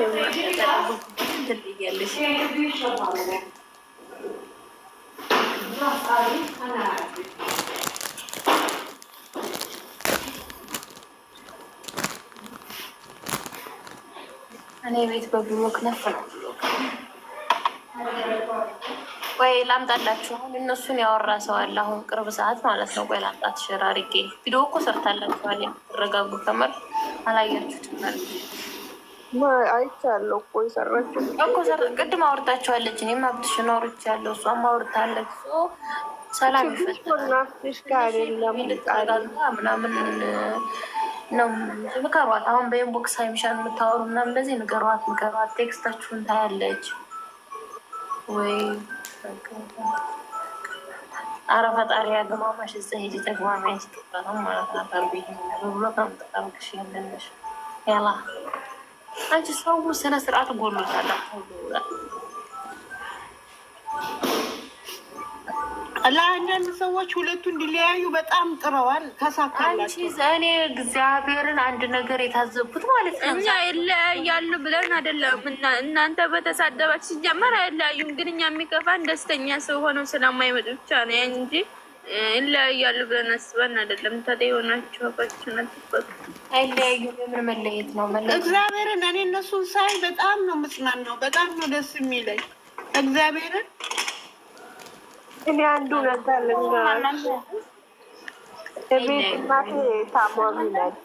እኔ ቤት በብሎክ ነፍ ወይ ላምጣላችሁ። አሁን እነሱን ያወራ ሰው አለ። አሁን ቅርብ ሰዓት ማለት ነው። ቆይ ላምጣት። ሸራሪጌ ቪዲዮ እኮ ሰርታላችኋል። ተረጋጉ። ከመር አላያችሁትም። አይቻለሁ እኮ የሰራችው እኮ ቅድም አውርታችኋለች። እኔም አብትሽን አውርቻለሁ፣ እሷም አውርታለች። ሰላም ይፈጠናሽ ከአይደለም ምናምን ነው ምከሯት። አሁን በኢንቦክስ ሀይሚሻን የምታወሩ ምናምን እንደዚህ ንገሯት፣ ምከሯት። ቴክስታችሁን ታያለች ወይ? አረ ፈጣሪ ያገማማሽ እዛ ሄጅ ተግማሚ ያስገባ ማለት ናት። ብሎ ከምጠቀምቅሽ ያለነሽ ያላ አንቺ ሰው ስነ ስርዓት ጎሎታል። ለአንዳንድ ሰዎች ሁለቱ እንዲለያዩ በጣም ጥረዋል፣ ተሳካላቸው። እኔ እግዚአብሔርን አንድ ነገር የታዘብኩት ማለት ነው እኛ ይለያያሉ ብለን አይደለም። እናንተ በተሳደባችሁ ሲጀመር አይለያዩም፣ ግን እኛ የሚከፋን ደስተኛ ሰው ሆነው ስለማይመጡ ብቻ ነው እንጂ ይለያያሉ ብለን አስበን አይደለም። ታዲያ የሆናችሁ አባችን አትበሉ። አይለያዩም። የምን መለየት ነው? እግዚአብሔርን እኔ እነሱን ሳይ በጣም ነው ምጽናናው፣ በጣም ነው ደስ የሚለኝ እግዚአብሔርን እኔ አንዱ ነበር ቤት እናቴ ታማሚ ናት።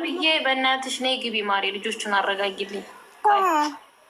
አብዬ፣ በእናትሽ ነይ ግቢ ማሬ፣ ልጆቹን አረጋጊልኝ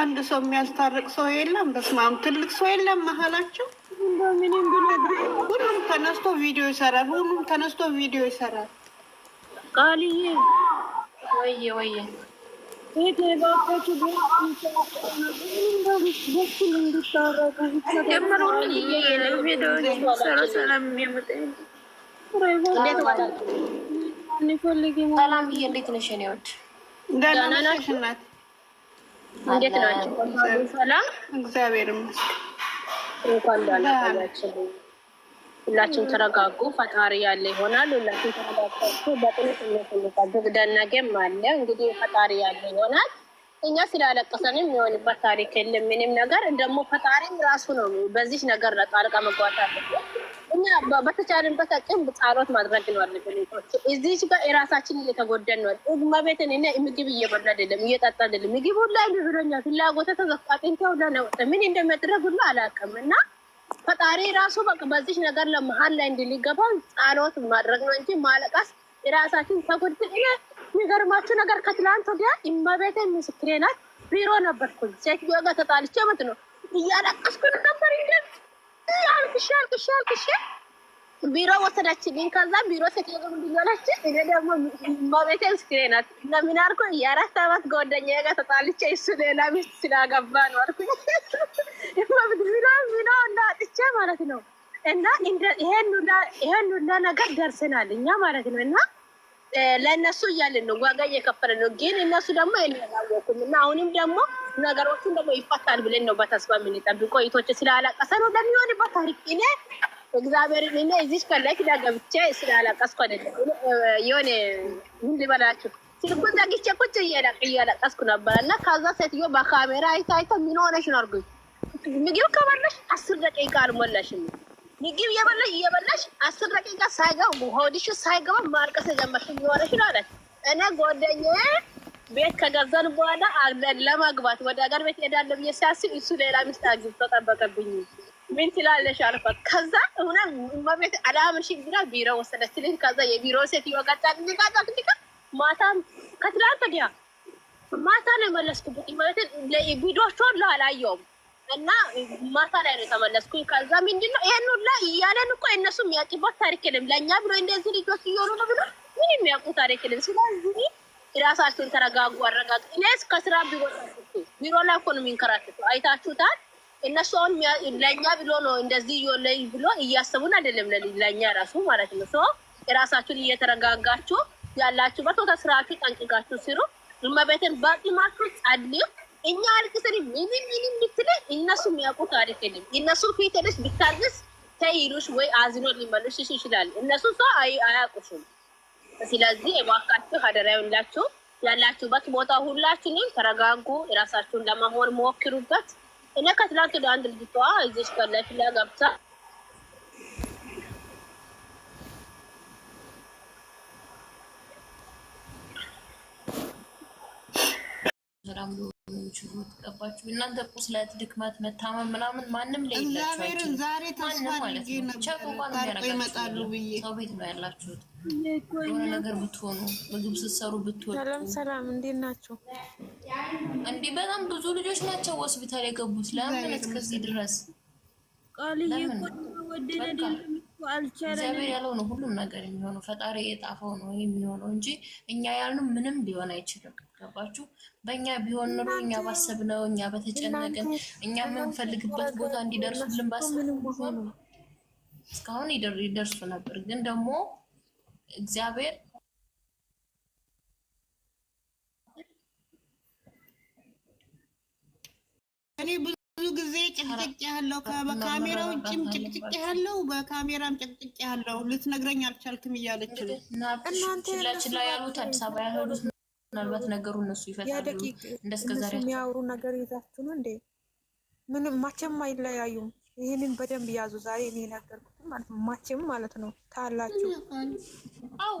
አንድ ሰው የሚያስታርቅ ሰው የለም። በስመ አብ ትልቅ ሰው የለም መሀላቸው። ሁሉም ተነስቶ ቪዲዮ ይሰራል። ሁሉም ተነስቶ ቪዲዮ ይሰራል። ቃልዬ ወየ ወየ ሰላምዬ እንዴት ነሽ? እኔ ወድ ደህና ነሽ እናት እንዴት ናቸው? ሰላም እግዚአብሔር እንኳን ዳና ሁላችሁም ተረጋጉ። ፈጣሪ ያለ ይሆናል። ሁላችሁም ተረጋጋችሁ። በጥንት እንፈልጋ ግብደናገም አለ እንግዲህ ፈጣሪ ያለ ይሆናል። እኛ ስላለቀሰንም የሆንበት ታሪክ የለም ምንም ነገር ደግሞ ፈጣሪም ራሱ ነው በዚህ ነገር ለጣልቃ መግባት አለበት። እኛ በተቻለን በታቅም ጸሎት ማድረግ ነው አለብን። እዚች ጋር የራሳችን እየተጎደን ነው። እግማ ቤትን እኔ ምግብ እየበላ አይደለም እየጠጣ አይደለም ምግብ ሁላ ብሎኛ ፍላጎተ ተዘፋጤን ሁላ ነውጠ ምን እንደሚያደረግ ሁሉ አላውቅም። እና ፈጣሪ ራሱ በቃ በዚች ነገር ለመሀል ላይ እንድንገባ ጸሎት ማድረግ ነው እንጂ ማለቃስ የራሳችን ተጎድ እኔ የሚገርማችሁ ነገር ከትላንት ወዲያ እመቤቴን ምስክሬ ናት። ቢሮ ነበርኩኝ ሴትዮ ጋር ተጣልቼ መት ነው እያለቀስኩ ነበር። አልቅሼ አልቅሼ አልቅሼ ቢሮ ወሰዳችልኝ። ከዛ ቢሮ ስትሄድ ምንድን ሆናችን? እኔ ደግሞ መቤቴ ምስኪኔ ናት። ለምን አልኩኝ? የአራት አመት ጓደኛዬ ጋር ተጣልቼ እሱ ሌላ ሚስት ስላገባ ነው አልኩኝ። ቢሮ እንዳጥቼ ማለት ነው እና ይሄን ሁላ ነገር ደርሰናል እኛ ማለት ነው እና ለእነሱ እያልን ነው ዋጋ እየከፈለ ነው። ግን እነሱ ደግሞ አይናወቁም እና አሁንም ደግሞ ነገሮችን ደግሞ ይፈታል ብለን ነው በተስፋ የምንጠብቆ ቆይቶች ስላለቀሰ ነው ለሚሆንበት ታሪክ እኔ እግዚአብሔርን እኔ እዚች ከላይ ኪዳ ገብቼ ስላለቀስኩ አይደለም የሆነ ምን ልበላችሁ ስልኩን ዘግቼ ቁጭ እያለቀስኩ ነበር እና ከዛ ሴትዮ በካሜራ አይታ አይታ ምን ሆነሽ ነው አድርጎኝ ምግብ ከበላሽ አስር ደቂቃ አልሞላሽም ምግብ እየበላሽ እየበላሽ አስር ደቂቃ ሳይገባ ሆድሽ ሳይገባ ማርቀስ ጀመርሽ እየሆነሽ ነው አለች። እኔ ጓደኛዬ ቤት ከገዛን በኋላ ለማግባት ወደ ሀገር ቤት ሄዳለ ብዬ ሲያስብ እሱ ሌላ ሚስት አግብቶ ጠበቀብኝ። ምን ትላለሽ አልኳት። ከዛ እሁነ ቤት አላምንሽም ብላ ቢሮ ወሰደችልኝ። ከዛ የቢሮ ሴት ይወቀጫ እንዲቃጣ እንዲቃ ማታ ከትላንት ወዲያ ማታ ነው የመለስኩበት። ማለት ቪዲዮቿን አላየሁም እና ማታ ላይ ነው የተመለስኩኝ። ከዛ ምንድን ነው ይሄን ሁላ እያለን እኮ እነሱ የሚያውቂበት ታሪክ የለም። ለእኛ ብሎ እንደዚህ ልጆች እየሆኑ ነው ብሎ ምን የሚያውቁ ታሪክ የለም። ስለዚህ ራሳችሁን ተረጋጉ፣ አረጋግ እኔስ ከስራ ቢሮ ቢሮ ላይ እኮ ነው የሚንከራትቱ። አይታችሁታል። እነሱ አሁን ለእኛ ብሎ ነው እንደዚህ እየሆለኝ ብሎ እያሰቡን አይደለም፣ ለእኛ ራሱ ማለት ነው። ሰው ራሳችሁን እየተረጋጋችሁ ያላችሁበት ቦታ ስራችሁ ጠንቅቃችሁ ስሩ። እመቤትን በቂማችሁ ጸልዩ። እኛ አልቅሰን ምንም ምንም ብትለ እነሱ የሚያውቁ ታሪክ የለም። እነሱ ፊት ሄደሽ ብታርግስ ተይሉሽ ወይ አዝኖ ሊመልስሽ ይችላል። እነሱ ሰው አያውቁሽም። ስለዚህ እባካችሁ ሀደራዊላችሁ ያላችሁበት ቦታ ሁላችንም ተረጋጉ። የራሳችሁን ለመሆን ሞክሩበት። እኔ ከትላንት አንድ ልጅቷ እዚች ከላይ ገብታ ተላምዶ የምትቀባችሁ እናንተ ቁስለት፣ ድክመት፣ መታመም ምናምን ማንም ላይ ዛሬ ተስፋ ይመጣሉ ብዬ ሰው ቤት ነው ያላችሁት። የሆነ ነገር ብትሆኑ፣ ምግብ ስትሰሩ ብትወጡ። ሰላም ሰላም፣ እንዴት ናቸው? እንዲህ በጣም ብዙ ልጆች ናቸው ሆስፒታል የገቡት። ለምን እስከዚህ ድረስ ለምን እግዚአብሔር ያለው ነው ሁሉም ነገር የሚሆነው። ፈጣሪ የጣፈው ነው የሚሆነው እንጂ እኛ ያልነው ምንም ሊሆን አይችልም። ገባችሁ? በእኛ ቢሆን ኖሮ እኛ ባሰብነው፣ እኛ በተጨነቅን፣ እኛ የምንፈልግበት ቦታ እንዲደርሱልን ባሰብን እስካሁን ይደርሱ ነበር። ግን ደግሞ እግዚአብሔር እኔ ብዙ ጊዜ ጭቅጭቅ ያለው በካሜራ ውጭም ጭቅጭቅ ያለው በካሜራም ጭቅጭቅ ያለው ልትነግረኝ አልቻልክም እያለች ነው። ያሉት አዲስ አበባ ያሉት ምናልባት ነገሩ እነሱ ይፈታሉ። እንደስከዛሬ የሚያወሩ ነገር ይዛችሁ ነው እንዴ? ምንም ማቸም አይለያዩም። ይህንን በደንብ ያዙ። ዛሬ እኔ የነገርኩት ማለት ነው ማቸም ማለት ነው ታላችሁ። አዎ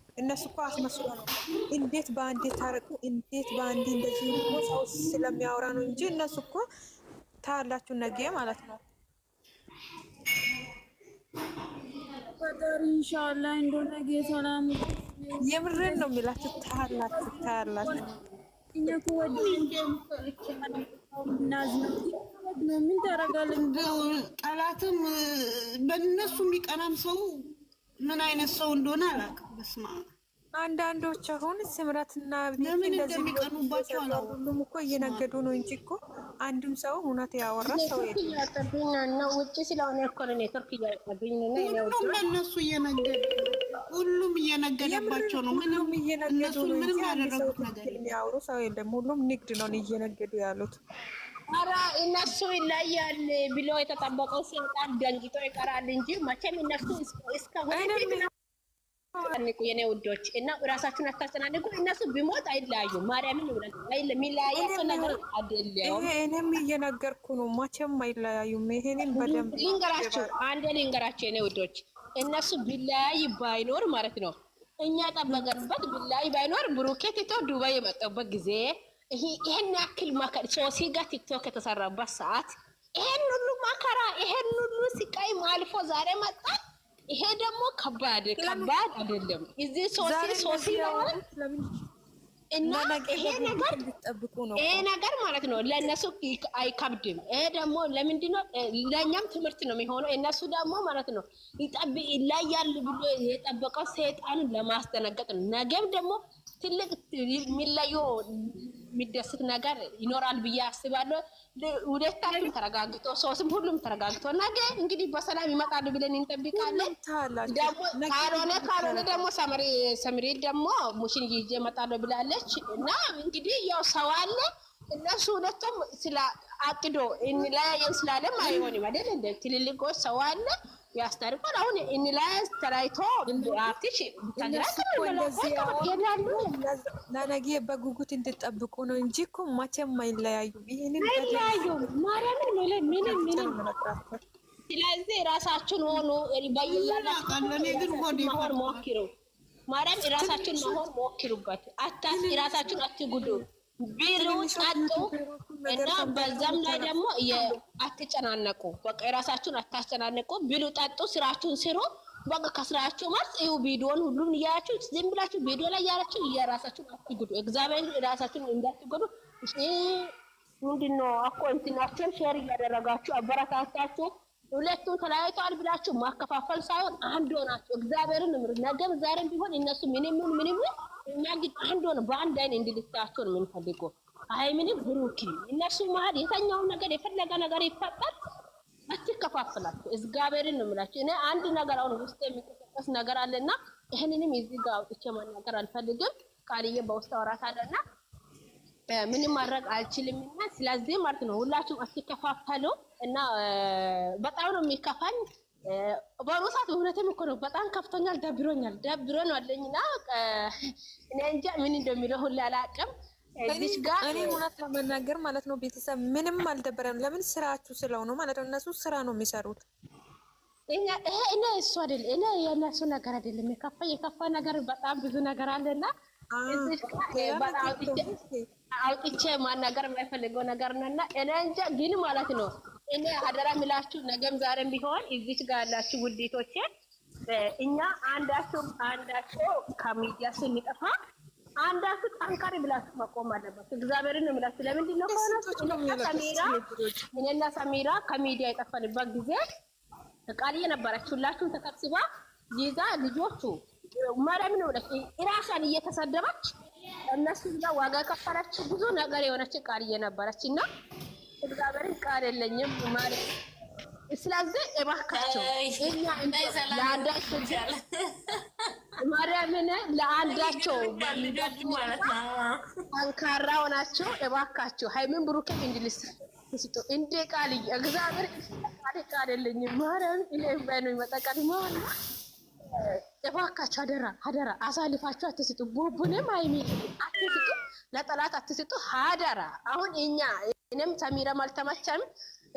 እነሱ እኮ አስመስሎ ነው። እንዴት በአንድ ታረቁ፣ እንዴት በአንድ እንደዚህ ሰው ስለሚያወራ ነው እንጂ እነሱ እኮ ታላችሁ ነገ ማለት ነው። ፈጣሪ ኢንሻአላ እንዶ ነገ ሰላም የምርን ነው የሚላችሁ። ታላችሁ ታላችሁ እኛ እኮ ወዲህ ምን ታረጋለን? ጠላትም በነሱ የሚቀናም ሰው ምን አይነት ሰው እንደሆነ አላውቅም። በስማ አንዳንዶች አሁን ስምረትና ሁሉም እኮ እየነገዱ ነው እንጂ እኮ አንድም ሰው እውነት ያወራ ሰው ውጭ ስለሆነ እኮ ኔትወርክ እያቀብኝ ሁሉም እየነገዱ ሁሉም እየነገደባቸው ነው። ምንም እየነገዱ ምንም ያደረጉት ነገር የሚያወሩ ሰው የለም። ሁሉም ንግድ ነው እየነገዱ ያሉት። ኧረ እነሱ ይለያል ብሎ የተጠበቀው ሲወጣል ደንግጦ ይቀራል እንጂ መቼም እነሱ እስከሁንቁ የኔ ውዶች እና ራሳችሁን አታጨናንቁ። እነሱ ቢሞት አይለያዩ ማርያምን የሚለያየ ሰው ነገር አይደለም። እኔም እየነገርኩ ነው። መቼም አይለያዩም። ይሄንን በደንብ ልንገራችሁ፣ አንዴ ልንገራችሁ የኔ ውዶች፣ እነሱ ቢለያይ ባይኖር ማለት ነው እኛ ጠበቀንበት ቢለያይ ባይኖር ብሩኬት ቶ ዱባይ የመጣበት ጊዜ ይሄን ያክል መከራ ሶሲ ጋ ቲክቶክ የተሰራበት ሰዓት ይሄን ሁሉ መከራ ይሄን ሁሉ ስቃይ አልፎ ዛሬ መጣ። ይሄ ደግሞ ከባድ ከባድ አይደለም። እዚህ ሶሲ ሶሲ እና ይሄ ነገር ይሄ ነገር ማለት ነው ለእነሱ አይከብድም። ይሄ ደግሞ ለምንድን ነው ለእኛም ትምህርት ነው የሚሆነው። እነሱ ደግሞ ማለት ነው ይለያል ብሎ የጠበቀው ሰይጣንን ለማስደነገጥ ነው። ነገም ደግሞ ትልቅ የሚለየው የሚደስት ነገር ይኖራል ብዬ አስባለሁ። ሁለታችሁም ተረጋግቶ ሶስም ሁሉም ተረጋግቶ ነገ እንግዲህ በሰላም ይመጣሉ ብለን እንጠብቃለን። ካልሆነ ካልሆነ ደግሞ ሰምሪል ደግሞ ሙሽን ይዤ እመጣለሁ ብላለች እና እንግዲህ ያው ሰው አለ እነሱ ሁለቱም ስለ አቅዶ እንለያየን ስላለም አይሆንም አይደል? እንደ ትልልቆች ሰው አለ ያስታርቋል። አሁን እንላይ ተራይቶ አፍቲሽ ለነገ በጉጉት እንድጠብቁ ነው እንጂ እኮ መቼም አይለያዩም። ይሄንን አይለያዩም። ማርያም ምንም ምንም ስለዚህ ራሳችን ሆኑ በይያለኔ ግን ሆን ሞክሩ። ማርያም ራሳችን መሆን ሞክሩበት። አታ ራሳችን አትጉዱ። ቢሉ ጻጡ እና በዛም ላይ ደግሞ አትጨናነቁ። በቃ የራሳችሁን አታስጨናነቁ። ቢሉ ጣጡ፣ ስራችሁን ስሩ። በቃ ከስራችሁ ማለት ይኸው ቪዲዮን ሁሉም እያያችሁ ዝም ብላችሁ ቪዲዮ ላይ ያላችሁ የራሳችሁን አትጎዱ። እግዚአብሔር ራሳችሁን እንዳትጎዱ። ምንድን ነው እኮ እንትናችሁን ሼር እያደረጋችሁ አበረታታችሁ ሁለቱን ተለያይተዋል ብላችሁ ማከፋፈል ሳይሆን አንድ ሆናችሁ እግዚአብሔርን ምር ነገም ዛሬም ቢሆን እነሱ ምንም ምንም እኛ ግን አንድ ሆነ በአንድ አይን እንድልታቸው ነው የምንፈልገ አይ ምንም ብሩኪ እነሱ መሀል የተኛውን ነገር የፈለገ ነገር ይፈጠር አትከፋፍላችሁ። እግዚአብሔርን ነው የምላችሁ። እኔ አንድ ነገር አሁን ውስጥ የሚቀሰቀስ ነገር አለና ይህንንም እዚህ ጋር አውጥቼ መናገር አልፈልግም። ቃልዬ በውስጥ አወራታለና ምንም ማድረግ አልችልም እና ስለዚህ ማለት ነው ሁላችሁም አትከፋፈሉ እና በጣም ነው የሚከፋኝ። በአሁኑ ሰዓት እውነትም እኮ ነው በጣም ከፍቶኛል፣ ደብሮኛል። ደብሮ ነው አለኝና እኔ እንጃ ምን እንደሚለው ሁላ አላቅም። እኔ እውነት ለመናገር ማለት ነው ቤተሰብ ምንም አልደበረም። ለምን ስራችሁ ስለው ነው ማለት ነው። እነሱ ስራ ነው የሚሰሩት። እኔ እሱ አይደል እኔ የእነሱ ነገር አይደለም የከፋ የከፋ ነገር በጣም ብዙ ነገር አለና አውጥቼ ማናገር የማይፈልገው ነገር ነውና እኔ እንጃ ግን ማለት ነው። እኔ አደራ የሚላችሁ ነገም ዛሬም ቢሆን እዚች ጋር ያላችሁ ውዴቶቼ፣ እኛ አንዳቸው አንዳቸው ከሚዲያ ስንጠፋ አንዳችሁ ጠንካሪ ብላችሁ መቆም አለባችሁ። እግዚአብሔርን ነው የምላችሁ። ለምንድን ነው ከሆነ እኔና ሰሚራ ከሚዲያ የጠፋንበት ጊዜ ቃልዬ ነበረች። ሁላችሁም ተሰብስባ ይዛ ልጆቹ ማርያም ነው ለክ ራሷን እየተሰደበች እነሱ ጋር ዋጋ ከፈለች ብዙ ነገር የሆነች ቃል እየነበረች እና እግዚአብሔርን ቃል የለኝም ማለት ስለዚህ እባካቸው እኛ ለአንዳቸው ማርያምን ለአንዳቸው ጠንካራ ሆናቸው እባካቸው ሃይሚን ብሩኬን እንድልስ ስጡ እንዴ ቃል እግዚአብሔር ቃል ቃል የለኝም ማርያም ኢሌ ባይ ነው ይመጣ ማለት እባካችሁ አደራ አደራ አሳልፋችሁ አትስጡ። ቡቡንም ሀይሚ አትስጡ፣ ለጠላት አትስጡ። አደራ አሁን እኛ እኔም ሰሚረም አልተመቸም።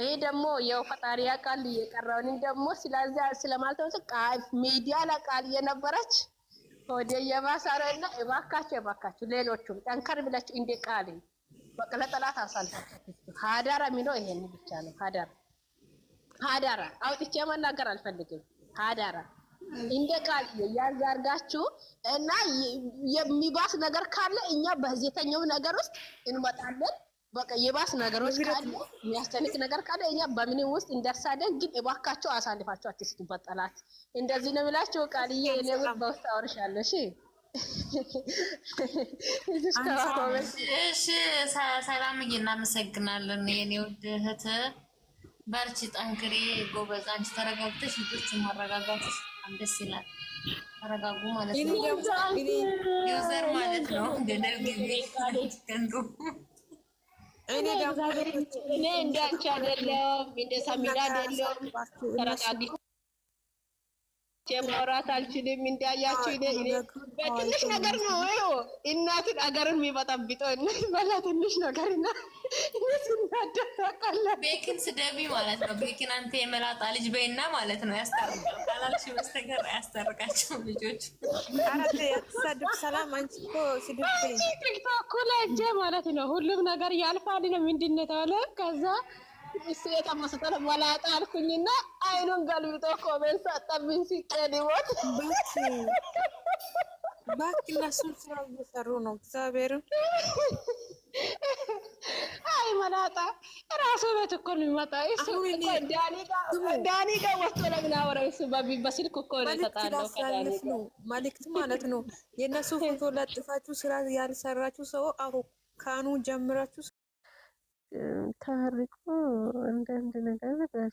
ይህ ደግሞ ያው ፈጣሪያ ቃል እየቀረውንም ደግሞ ስለዚያ ስለማልተመስ ሚዲያ ለቃል እየነበረች ወደ የባሳረና እባካችሁ እባካችሁ ሌሎቹም ጠንከር ብላችሁ እንደ ቃል በቃ ለጠላት አሳልፋችሁ አትስጡ። አደራ የሚለው ይሄን ብቻ ነው። አደራ አደራ አውጥቼ መናገር አልፈልግም። አደራ እንደ ቃል ያዝ እና የሚባስ ነገር ካለ እኛ በዜተኛው ነገር ውስጥ እንመጣለን። በቃ የባስ ነገሮች ካለ የሚያስጨንቅ ነገር ካለ እኛ በምንም ውስጥ እንደርሳለን። ግን እባካችሁ አሳልፋችሁ አትስጡበት ጠላት። እንደዚህ ነው የምላችሁ። ቃልዬ እኔ በውስጥ አወርሻለሁ። እሺ እሺ። ሰላምዬ እናመሰግናለን የኔ ውድ እህት። በርቺ፣ ጠንክሪ፣ ጎበዝ። አንቺ ተረጋግተሽ ልጆች ማረጋጋት በጣም ደስ ይላል። ተረጋጉ ማለት ነው። ዩዘር ማለት ነው። ገንዱ እኔ እንዳንቺ አይደለሁም፣ እንደ ሳሚራ አይደለሁም። ተረጋግ ማውራት አልችልም። እንዳያቸው በትንሽ ነገር ነው እናትን አገርን የሚበጠብጠው በላ ትንሽ ነገር እና ቤኪን ስደቢ ማለት ነው። ቤኪን አንተ የመላጣ ልጅ በይና ማለት ነው። ያስታርቃላልሽ በስተቀር አያስታርቃቸውም ልጆች ሰላም። አንቺ እኮ ስድብ ማለት ነው። ሁሉም ነገር ያልፋል ነው ምንድን ነው የተባለ ከዛ እሱ የተመሰጠን መላጣ አልኩኝና አይኑን ገልብጦ ኮሜንት ሰጠብኝ። ሲጤን ባክ እነሱን ስራ እየሰሩ ነው። እግዚአብሔርም አይ መላጣ ራሱ ቤት እኮ የሚመጣ። ዳኒ ጋር ወጥቶ ለምን አወራ? እሱ በስልክ እኮ ነው ማለት ነው የእነሱ ፎቶ ለጥፋችሁ ስራ ያልሰራችሁ ሰው አሁን ካኑ ጀምራችሁ ተመርቆ አንዳንድ ነገር